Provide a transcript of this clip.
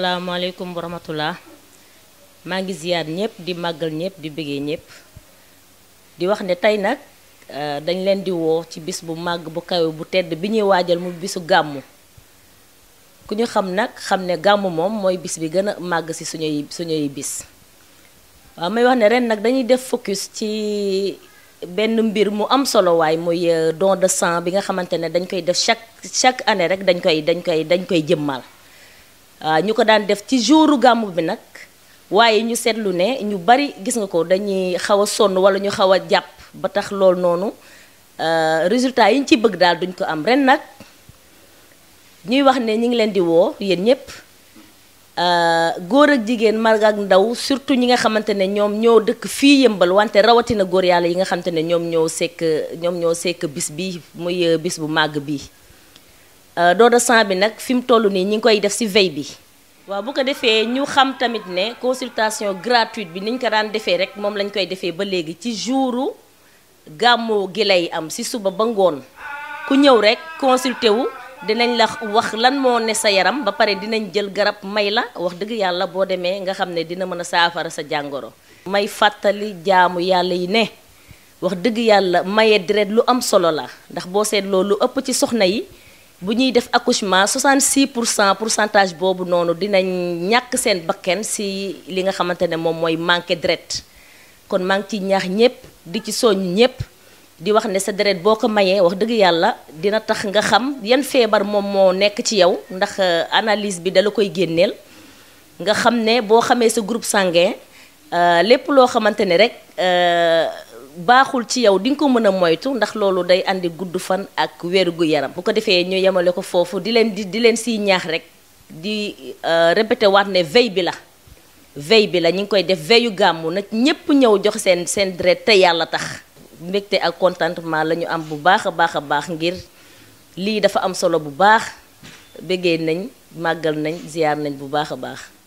Assalamualaikum warahmatullah. rahmatullah ziar ñep di magal ñep di bëggé ñep di wax né tay nak euh, dañ leen di wo ci bis bu mag bu kawé bu tedd bi ñi waajal mu bisu gamu ku ñu xam nak xam ne gamu mom moy bis bi gëna mag ci suñuy suñuy bis wa may wax né ren nak dañuy def focus ci benn mbir mu am solo way moy euh, don de sang bi nga xamante ne dañ koy def chaque chaque année rek dañ koy dañ koy dañ koy jëmmal waaw euh, ñu ko daan def ci jouru gàmmu bi nag waaye ñu seetlu ne ñu bari gis nga ko dañuy xaw a sonn wala ñu xaw a jàpp ba tax lool noonu euh, résultat yi ñu ci bëgg daal duñ ko am ren nag ñuy wax ne ñu ngi leen di woo yéen ñëpp euh, góor ak jigéen mag ak ndaw surtout ñi nga xamante ne ñoom ñoo dëkk fii yëmbal wante rawatina góor yàlla yi nga xamante ne ñoom ñoo sekk ñoom ñoo sekk bis bi muy bis bu màgg bi Euh, don de sang bi nag fi mu toll nii ñi ngi koy def ci veille bi waaw bu ko defee ñu xam tamit ne consultation gratuite bi niñ ko daan defee rek moom lañ koy defee ba léegi ci jouru gàmmu gi lay am si suba ba ngoon ku ñëw rek consulter wu dinañ la wax lan moo ne sa yaram ba pare dinañ jël garab may la wax dëgg yàlla boo demee nga xam ne dina mën a saafara sa jàngoro may fàttali jaamu yàlla yi ne wax dëgg yàlla maye deret lu am solo la ndax boo seet loolu ëpp ci soxna yi bu ñuy def accouchement 66 pour cent centage boobu noonu dinañ ñàkk seen bakken si li nga xamante ne moom mooy manqué deret kon maa ngi ñaax ñëpp di ci soññ ñëpp di wax ne sa deret boo ko mayee wax dëgg yàlla dina tax nga xam yan feebar moom moo nekk ci yow ndax euh, analyse bi dala koy génneel nga xam ne boo xamee sa groupe sanguin euh, lépp loo xamante ne rek. Euh, baaxul ci yow di nga ko mën a moytu ndax loolu day indi gudd fan ak wér gu yaram bu ko defee ñu yemale ko foofu di leen di di leen siy ñaax rek di euh, répété waat ne veille bi la veille bi la ñu ngi koy def veyu gàmmu nag ñépp ñëw jox seen seen deret te yàlla tax mbégte ak contentement la ñu am bu baax a baax a baax ngir lii dafa am solo bu baax bëggee nañ màggal nañ ziyaar nañ bu baax a baax